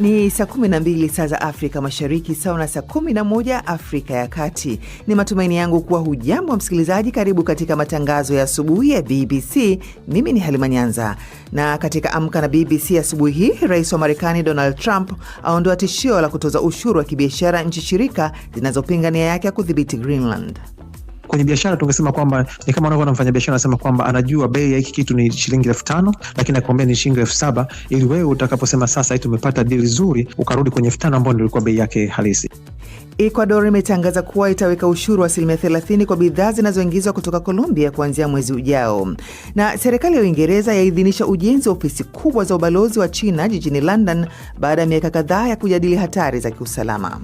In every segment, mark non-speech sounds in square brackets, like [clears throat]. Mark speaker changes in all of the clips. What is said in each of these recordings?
Speaker 1: Ni saa 12 saa za Afrika Mashariki, sawa na saa 11 Afrika ya Kati. Ni matumaini yangu kuwa hujambo msikilizaji. Karibu katika matangazo ya asubuhi ya BBC. Mimi ni Halima Nyanza, na katika amka na BBC asubuhi hii, rais wa Marekani Donald Trump aondoa tishio la kutoza ushuru wa kibiashara nchi shirika zinazopinga nia yake ya kudhibiti Greenland
Speaker 2: kwenye biashara tungesema kwamba ni kama unavyoona mfanya biashara anasema kwamba anajua bei ya hiki kitu ni shilingi elfu tano lakini akwambia ni shilingi elfu saba ili wewe utakaposema sasa hii tumepata dili zuri ukarudi kwenye elfu tano ambayo ndio ilikuwa bei yake halisi.
Speaker 1: Ecuador imetangaza kuwa itaweka ushuru wa asilimia 30 kwa bidhaa zinazoingizwa kutoka Colombia kuanzia mwezi ujao. Na serikali ya Uingereza yaidhinisha ujenzi wa ofisi kubwa za ubalozi wa China jijini London baada ya miaka kadhaa ya kujadili hatari za kiusalama.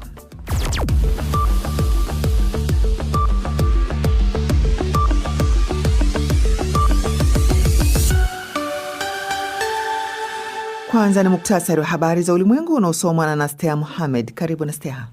Speaker 1: Kwanza ni muktasari wa habari za ulimwengu unaosomwa na Nastea muhamed Karibu Nastea.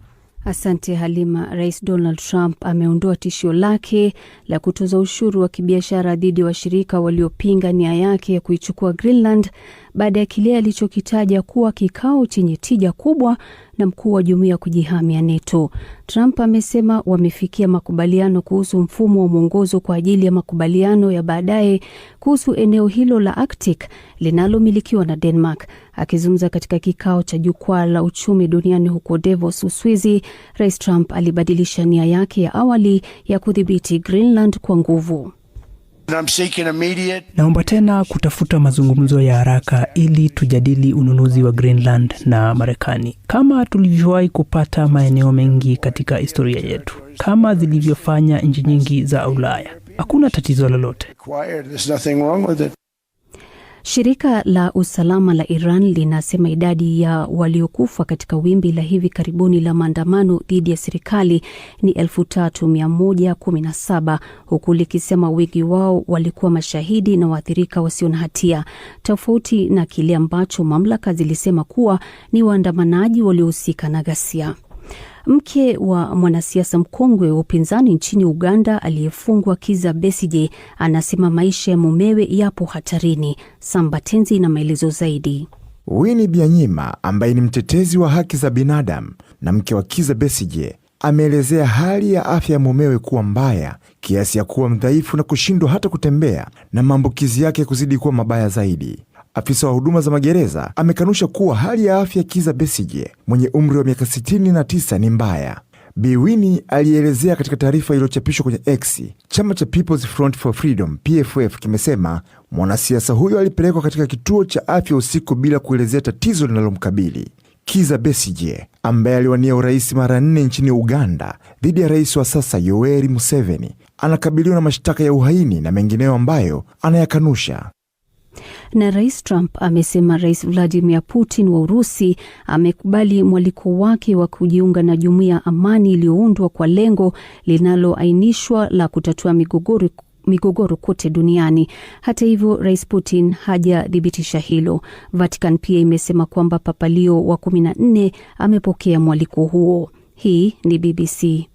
Speaker 3: Asante Halima. Rais Donald Trump ameondoa tishio lake la kutoza ushuru wa kibiashara dhidi ya washirika waliopinga nia yake ya kuichukua Greenland baada ya kile alichokitaja kuwa kikao chenye tija kubwa na mkuu wa jumuia ya kujihamia NATO. Trump amesema wamefikia makubaliano kuhusu mfumo wa mwongozo kwa ajili ya makubaliano ya baadaye kuhusu eneo hilo la Arctic linalomilikiwa na Denmark. Akizungumza katika kikao cha jukwaa la uchumi duniani huko Davos, Uswizi, Rais Trump alibadilisha nia yake ya awali ya kudhibiti Greenland kwa nguvu.
Speaker 4: Naomba tena kutafuta mazungumzo ya haraka ili tujadili ununuzi wa Greenland na Marekani kama tulivyowahi kupata maeneo mengi katika historia yetu, kama zilivyofanya nchi nyingi za Ulaya. Hakuna tatizo lolote.
Speaker 3: Shirika la usalama la Iran linasema idadi ya waliokufa katika wimbi la hivi karibuni la maandamano dhidi ya serikali ni 3117 huku likisema wengi wao walikuwa mashahidi na waathirika wasio na hatia, tofauti na kile ambacho mamlaka zilisema kuwa ni waandamanaji waliohusika na ghasia. Mke wa mwanasiasa mkongwe wa upinzani nchini Uganda aliyefungwa Kiza Besije anasema maisha ya mumewe yapo hatarini. Sambatenzi na maelezo zaidi.
Speaker 5: wini Byanyima ambaye ni mtetezi wa haki za binadamu na mke wa Kiza Besije ameelezea hali ya afya ya mumewe kuwa mbaya kiasi ya kuwa mdhaifu na kushindwa hata kutembea na maambukizi yake kuzidi kuwa mabaya zaidi. Afisa wa huduma za magereza amekanusha kuwa hali ya afya Kiza Besije mwenye umri wa miaka 69 ni mbaya. Biwini alielezea katika taarifa iliyochapishwa kwenye X. Chama cha People's Front for Freedom PFF kimesema mwanasiasa huyo alipelekwa katika kituo cha afya usiku bila kuelezea tatizo linalomkabili. Kiza Besije ambaye aliwania urais mara nne nchini Uganda dhidi ya rais wa sasa Yoweri Museveni anakabiliwa na mashtaka ya uhaini na mengineyo ambayo anayakanusha.
Speaker 3: Na Rais Trump amesema Rais Vladimir Putin wa Urusi amekubali mwaliko wake wa kujiunga na jumuiya ya amani iliyoundwa kwa lengo linaloainishwa la kutatua migogoro migogoro kote duniani. Hata hivyo, Rais Putin hajathibitisha hilo. Vatican pia imesema kwamba wa kumi wa 14 amepokea mwaliko huo. Hii ni BBC.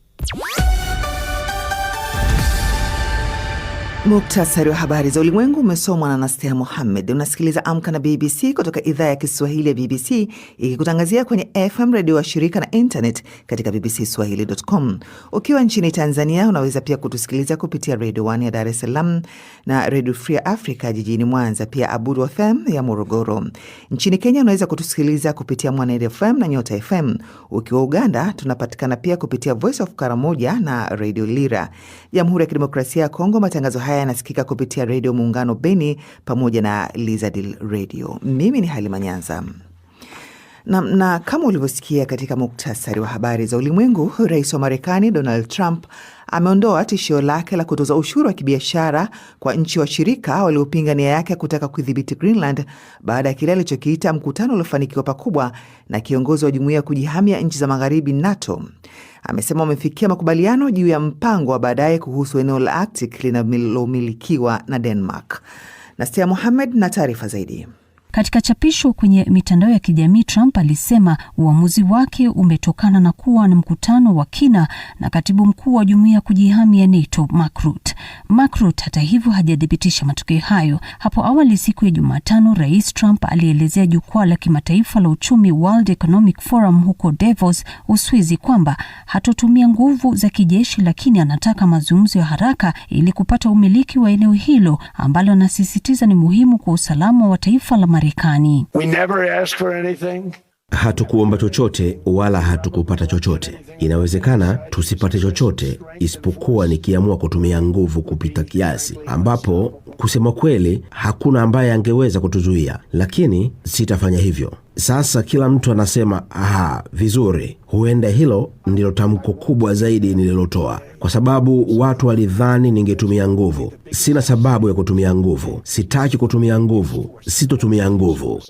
Speaker 1: Muktasari wa habari za ulimwengu umesomwa na Nastia Mohammed. Unasikiliza Amka na BBC kutoka idhaa ya Kiswahili ya BBC ikikutangazia kwenye FM redio wa shirika na internet katika BBC Swahili.com. Ukiwa nchini Tanzania unaweza pia kutusikiliza kupitia redio One ya Dar es Salaam na redio Free Africa jijini Mwanza, pia Abudu FM ya Morogoro. Nchini Kenya unaweza kutusikiliza kupitia Mwanaed FM na Nyota FM. Ukiwa Uganda tunapatikana pia kupitia Voice of Karamoja na redio Lira. Jamhuri ya Kidemokrasia ya Kongo matangazo haya haya anasikika kupitia Redio Muungano Beni pamoja na Lizadil Radio. Mimi ni Halima Nyanza. Na, na kama ulivyosikia katika muktasari wa habari za ulimwengu, rais wa Marekani Donald Trump ameondoa tishio lake la kutoza ushuru wa kibiashara kwa nchi washirika waliopinga nia yake ya kutaka kudhibiti Greenland baada ya kile alichokiita mkutano uliofanikiwa pakubwa na kiongozi wa jumuiya ya kujihamia nchi za magharibi NATO. Amesema wamefikia makubaliano juu ya mpango wa baadaye kuhusu eneo la Arctic linalomilikiwa na Denmark. Nastia Mohamed na taarifa zaidi.
Speaker 3: Katika chapisho kwenye mitandao ya kijamii, Trump alisema uamuzi wake umetokana na kuwa na mkutano wa kina na katibu mkuu wa jumuiya ya kujihami ya NATO Mark Rutte. Makrut hata hivyo hajathibitisha matokeo hayo. Hapo awali siku ya Jumatano, Rais Trump alielezea jukwaa la kimataifa la uchumi World Economic Forum huko Davos, Uswizi, kwamba hatotumia nguvu za kijeshi, lakini anataka mazungumzo ya haraka ili kupata umiliki wa eneo hilo ambalo anasisitiza ni muhimu kwa usalama wa taifa la Marekani. We never ask for
Speaker 6: anything. Hatukuomba chochote wala hatukupata chochote. Inawezekana tusipate chochote, isipokuwa nikiamua kutumia nguvu kupita kiasi, ambapo kusema kweli hakuna ambaye angeweza kutuzuia, lakini sitafanya hivyo. Sasa kila mtu anasema aha, vizuri. Huenda hilo ndilo tamko kubwa zaidi nililotoa, kwa sababu watu walidhani ningetumia nguvu. Sina sababu ya kutumia nguvu, sitaki kutumia nguvu, sitotumia nguvu.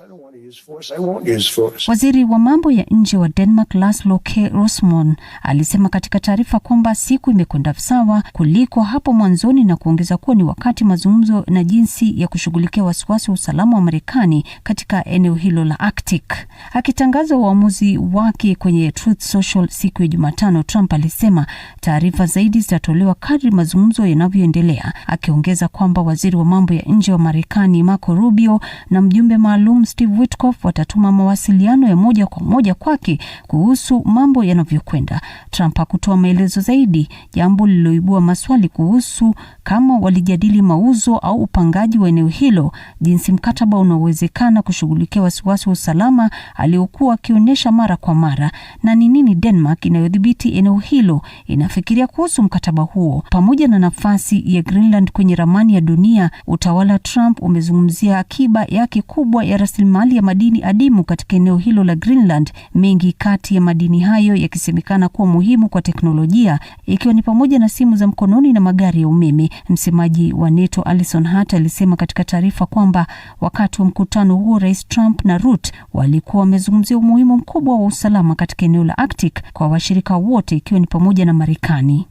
Speaker 3: Waziri wa mambo ya nje wa Denmark Laszlo K Rosmon alisema katika taarifa kwamba siku imekwenda sawa kuliko hapo mwanzoni, na kuongeza kuwa ni wakati mazungumzo na jinsi ya kushughulikia wasiwasi wa usalama wa Marekani katika eneo hilo la Arctic. Akitangaza uamuzi wake kwenye Truth Social siku ya Jumatano, Trump alisema taarifa zaidi zitatolewa kadri mazungumzo yanavyoendelea, akiongeza kwamba waziri wa mambo ya nje wa Marekani Marco Rubio na mjumbe maalum Steve maaskofu watatuma mawasiliano ya moja kwa moja kwake kuhusu mambo yanavyokwenda. Trump hakutoa maelezo zaidi, jambo lililoibua maswali kuhusu kama walijadili mauzo au upangaji wa eneo hilo, jinsi mkataba unaowezekana kushughulikia wasiwasi wa usalama aliokuwa akionyesha mara kwa mara, na ni nini Denmark inayodhibiti eneo hilo inafikiria kuhusu mkataba huo, pamoja na nafasi ya Greenland kwenye ramani ya dunia. Utawala Trump umezungumzia akiba yake kubwa ya rasilimali ya madini adimu katika eneo hilo la Greenland, mengi kati ya madini hayo yakisemekana kuwa muhimu kwa teknolojia ikiwa ni pamoja na simu za mkononi na magari ya umeme. Msemaji wa NATO Alison Hart alisema katika taarifa kwamba wakati wa mkutano huo, Rais Trump na Rutte walikuwa wamezungumzia umuhimu mkubwa wa usalama katika eneo la Arctic kwa washirika wote ikiwa ni pamoja na Marekani.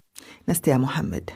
Speaker 1: Nastia Mohamed.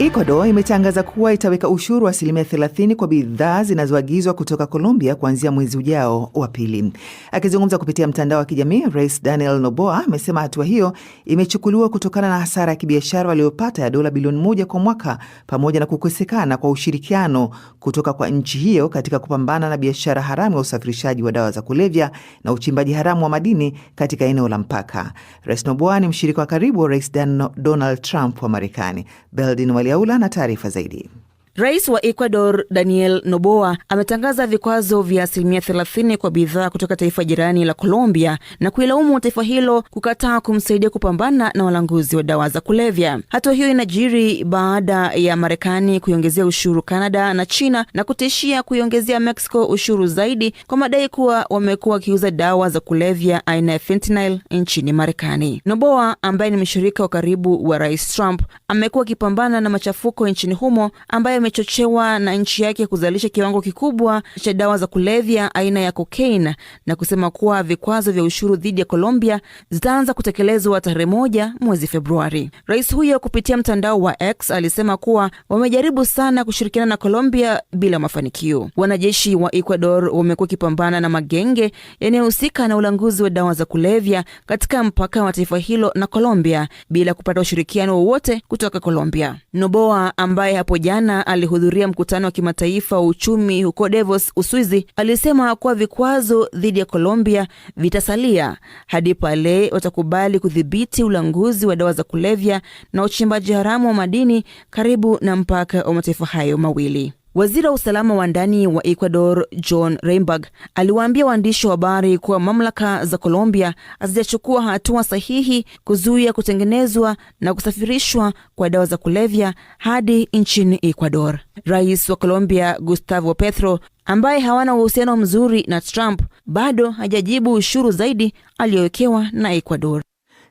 Speaker 1: Ecuador imetangaza kuwa itaweka ushuru wa asilimia 30 kwa bidhaa zinazoagizwa kutoka Colombia kuanzia mwezi ujao wa pili. Akizungumza kupitia mtandao wa kijamii, Rais Daniel Noboa amesema hatua hiyo imechukuliwa kutokana na hasara ya kibiashara waliyopata ya dola bilioni moja kwa mwaka pamoja na kukosekana kwa ushirikiano kutoka kwa nchi hiyo katika kupambana na biashara haramu ya usafirishaji wa dawa za kulevya na uchimbaji haramu wa madini katika eneo la mpaka. Rais Noboa ni mshirika wa karibu wa Rais Donald Trump wa Marekani. Beldin اليوم لنا تعريف زيدي
Speaker 7: Rais wa Ecuador Daniel Noboa ametangaza vikwazo vya asilimia thelathini kwa bidhaa kutoka taifa jirani la Colombia na kuilaumu taifa hilo kukataa kumsaidia kupambana na walanguzi wa dawa za kulevya. Hatua hiyo inajiri baada ya Marekani kuiongezea ushuru Canada na China na kutishia kuiongezea Mexico ushuru zaidi kwa madai kuwa wamekuwa wakiuza dawa za kulevya aina ya fentanyl nchini Marekani. Noboa ambaye ni mshirika wa karibu wa Rais Trump amekuwa akipambana na machafuko nchini humo ambayo amechochewa na nchi yake kuzalisha kiwango kikubwa cha dawa za kulevya aina ya kokaina na kusema kuwa vikwazo vya ushuru dhidi ya Colombia zitaanza kutekelezwa tarehe moja mwezi Februari. Rais huyo kupitia mtandao wa X alisema kuwa wamejaribu sana kushirikiana na Colombia bila mafanikio. Wanajeshi wa Ecuador wamekuwa wakipambana na magenge yanayohusika na ulanguzi wa dawa za kulevya katika mpaka wa taifa hilo na Colombia bila kupata ushirikiano wowote kutoka Colombia. Noboa ambaye hapo jana alihudhuria mkutano wa kimataifa wa uchumi huko Davos, Uswizi, alisema kuwa vikwazo dhidi ya Colombia vitasalia hadi pale watakubali kudhibiti ulanguzi wa dawa za kulevya na uchimbaji haramu wa madini karibu na mpaka wa mataifa hayo mawili.
Speaker 8: Waziri wa usalama wa ndani wa Ecuador John reimberg aliwaambia waandishi wa habari kuwa mamlaka za Colombia hazijachukua hatua sahihi kuzuia kutengenezwa na kusafirishwa kwa dawa za kulevya hadi nchini Ecuador. Rais wa Colombia Gustavo Petro ambaye hawana uhusiano mzuri na Trump bado hajajibu ushuru zaidi aliyowekewa na Ecuador.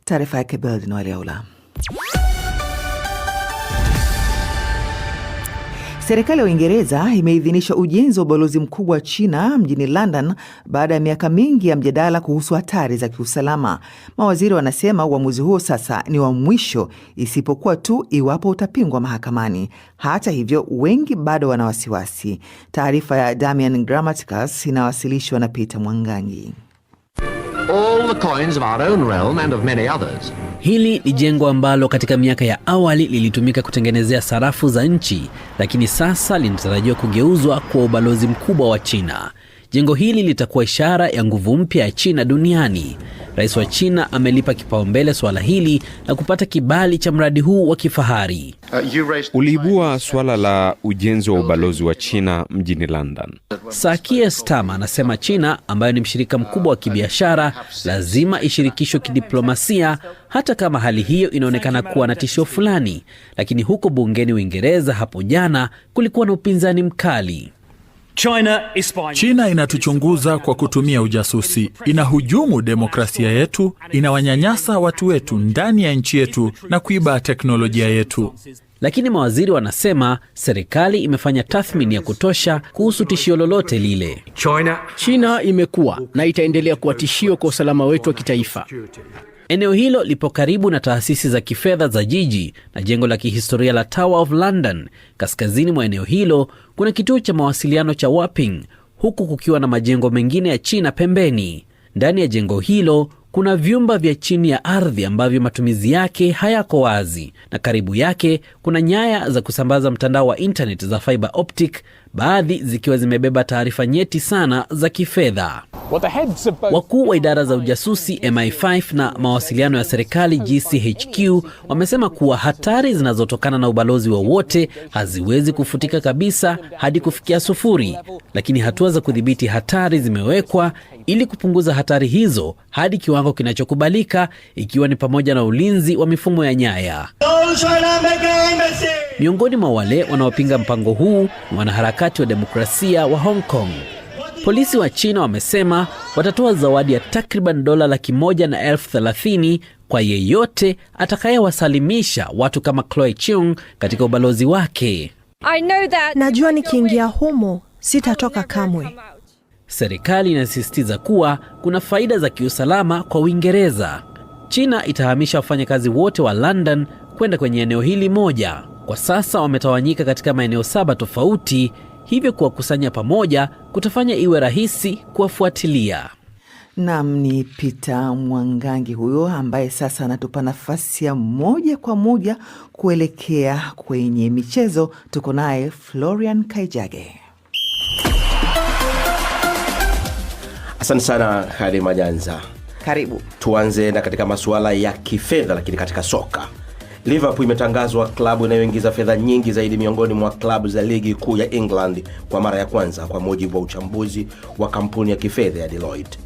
Speaker 1: Taarifa yake Bel Noel Yaula. Serikali ya Uingereza imeidhinisha ujenzi wa ubalozi mkubwa wa China mjini London baada ya miaka mingi ya mjadala kuhusu hatari za kiusalama. Mawaziri wanasema uamuzi huo sasa ni wa mwisho, isipokuwa tu iwapo utapingwa mahakamani. Hata hivyo, wengi bado wana wasiwasi. Taarifa ya Damian Gramaticas inawasilishwa na Peter Mwangangi all the coins of
Speaker 9: our own realm and of many others. Hili ni jengo ambalo katika miaka ya awali lilitumika kutengenezea sarafu za nchi, lakini sasa linatarajiwa kugeuzwa kuwa ubalozi mkubwa wa China. Jengo hili litakuwa ishara ya nguvu mpya ya China duniani. Rais wa China amelipa kipaumbele suala hili na kupata kibali cha mradi huu wa kifahari. Uh,
Speaker 10: Uliibua suala la ujenzi wa ubalozi wa China mjini London.
Speaker 9: Sakie Stama anasema China ambayo ni mshirika mkubwa wa kibiashara lazima ishirikishwe kidiplomasia, hata kama hali hiyo inaonekana kuwa na tishio fulani. Lakini huko bungeni Uingereza hapo jana kulikuwa na upinzani mkali.
Speaker 11: China, inatuchunguza kwa kutumia ujasusi, inahujumu demokrasia yetu, inawanyanyasa watu wetu ndani ya nchi yetu na kuiba teknolojia yetu.
Speaker 9: Lakini mawaziri wanasema serikali imefanya tathmini ya kutosha kuhusu tishio lolote lile. China imekuwa na itaendelea kuwa tishio kwa usalama wetu wa kitaifa. Eneo hilo lipo karibu na taasisi za kifedha za jiji na jengo la kihistoria la Tower of London. Kaskazini mwa eneo hilo kuna kituo cha mawasiliano cha Wapping, huku kukiwa na majengo mengine ya China pembeni. Ndani ya jengo hilo kuna vyumba vya chini ya ardhi ambavyo matumizi yake hayako wazi, na karibu yake kuna nyaya za kusambaza mtandao wa intaneti za fiber optic baadhi zikiwa zimebeba taarifa nyeti sana za kifedha. Wakuu wa idara za ujasusi MI5 na mawasiliano ya serikali GCHQ wamesema kuwa hatari zinazotokana na ubalozi wowote haziwezi kufutika kabisa hadi kufikia sufuri, lakini hatua za kudhibiti hatari zimewekwa ili kupunguza hatari hizo hadi kiwango kinachokubalika, ikiwa ni pamoja na ulinzi wa mifumo ya nyaya. Miongoni mwa wale wanaopinga mpango huu ni wanaharakati wa demokrasia wa Hong Kong. Polisi wa China wamesema watatoa zawadi ya takriban dola laki moja na elfu thelathini kwa yeyote atakayewasalimisha watu kama Chloe Chung katika ubalozi wake.
Speaker 12: Najua nikiingia humo sitatoka kamwe.
Speaker 9: Serikali inasisitiza kuwa kuna faida za kiusalama kwa Uingereza. China itahamisha wafanyakazi wote wa London kwenda kwenye eneo hili moja. Kwa sasa wametawanyika katika maeneo saba tofauti, hivyo kuwakusanya pamoja kutafanya iwe rahisi kuwafuatilia.
Speaker 1: Nam ni Peter Mwangangi huyo ambaye sasa anatupa nafasi ya moja kwa moja kuelekea kwenye michezo. Tuko naye Florian Kaijage.
Speaker 13: Asante sana hadi Majanza, karibu. Tuanze na katika masuala ya kifedha, lakini katika soka Liverpool imetangazwa klabu inayoingiza fedha nyingi zaidi miongoni mwa klabu za ligi kuu ya England kwa mara ya kwanza, kwa mujibu wa uchambuzi wa kampuni ya kifedha ya Deloitte.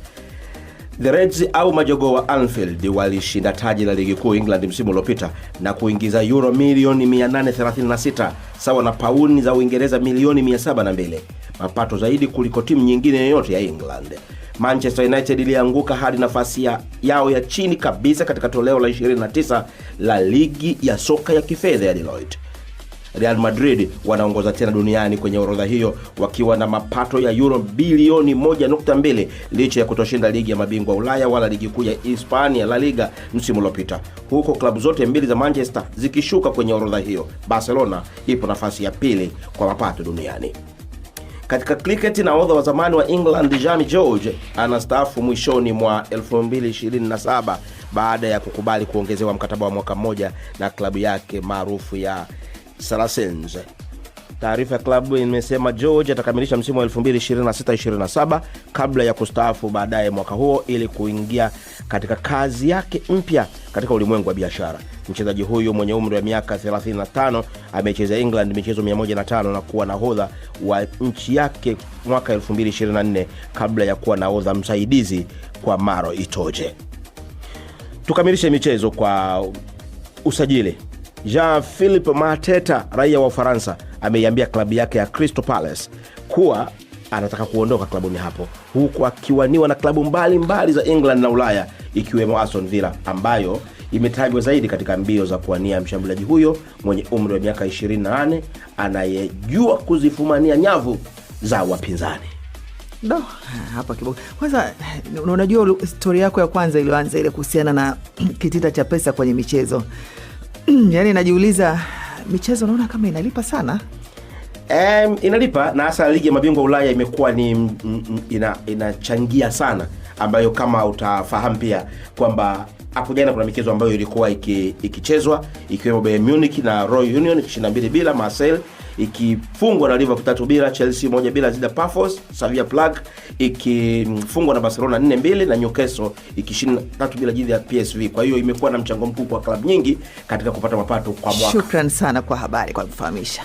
Speaker 13: The Reds au majogo wa Anfield walishinda taji la ligi kuu England msimu uliopita na kuingiza euro milioni 836 sawa na pauni za Uingereza milioni 72 mapato zaidi kuliko timu nyingine yoyote ya England. Manchester United ilianguka hadi nafasi ya yao ya chini kabisa katika toleo la 29 la ligi ya soka ya kifedha ya Deloitte. Real Madrid wanaongoza tena duniani kwenye orodha hiyo wakiwa na mapato ya euro bilioni 1.2 licha ya kutoshinda ligi ya mabingwa Ulaya wala ligi kuu ya Hispania La Liga msimu uliopita, huko klabu zote mbili za Manchester zikishuka kwenye orodha hiyo. Barcelona ipo nafasi ya pili kwa mapato duniani. Katika kriketi, odha wa zamani wa England Jamie George anastaafu mwishoni mwa 2027 baada ya kukubali kuongezewa mkataba wa mwaka mmoja na klabu yake maarufu ya Saracens. Taarifa ya klabu imesema George atakamilisha msimu wa 2026-27 kabla ya kustaafu baadaye mwaka huo ili kuingia katika kazi yake mpya katika ulimwengu wa biashara. Mchezaji huyu mwenye umri wa miaka 35 amecheza England michezo 15 na kuwa nahodha wa nchi yake mwaka 224 kabla ya kuwa nahodha msaidizi kwa Maro Itoje. Tukamilishe michezo kwa usajili. Jean philip Mateta, raia wa Ufaransa, ameiambia klabu yake ya Crystal Palace kuwa anataka kuondoka klabuni hapo huku akiwaniwa na klabu mbalimbali mbali za England na Ulaya ikiwemo Aston Villa ambayo imetajwa zaidi katika mbio za kuwania mshambuliaji huyo mwenye umri wa miaka 28 anayejua kuzifumania nyavu za wapinzani.
Speaker 1: No, hapa kibo kwanza, unajua stori yako ya kwanza iliyoanza ile kuhusiana na [clears throat] kitita cha pesa kwenye michezo [clears throat] yani najiuliza michezo naona kama inalipa sana
Speaker 13: Um, inalipa na hasa ligi ya mabingwa Ulaya imekuwa ni m, m, ina, inachangia sana, ambayo kama utafahamu pia kwamba hapo jana kuna michezo ambayo ilikuwa ikichezwa iki ikiwemo Bayern Munich na Royal Union ikishinda mbili bila, Marseille ikifungwa na Liverpool tatu bila, Chelsea moja bila zida Pafos, Sevilla plug ikifungwa na Barcelona nne mbili na Newcastle ikishinda tatu bila jidi ya PSV. Kwa hiyo imekuwa na mchango mkubwa kwa klabu nyingi katika kupata mapato kwa mwaka.
Speaker 1: Shukran sana kwa habari kwa kufahamisha.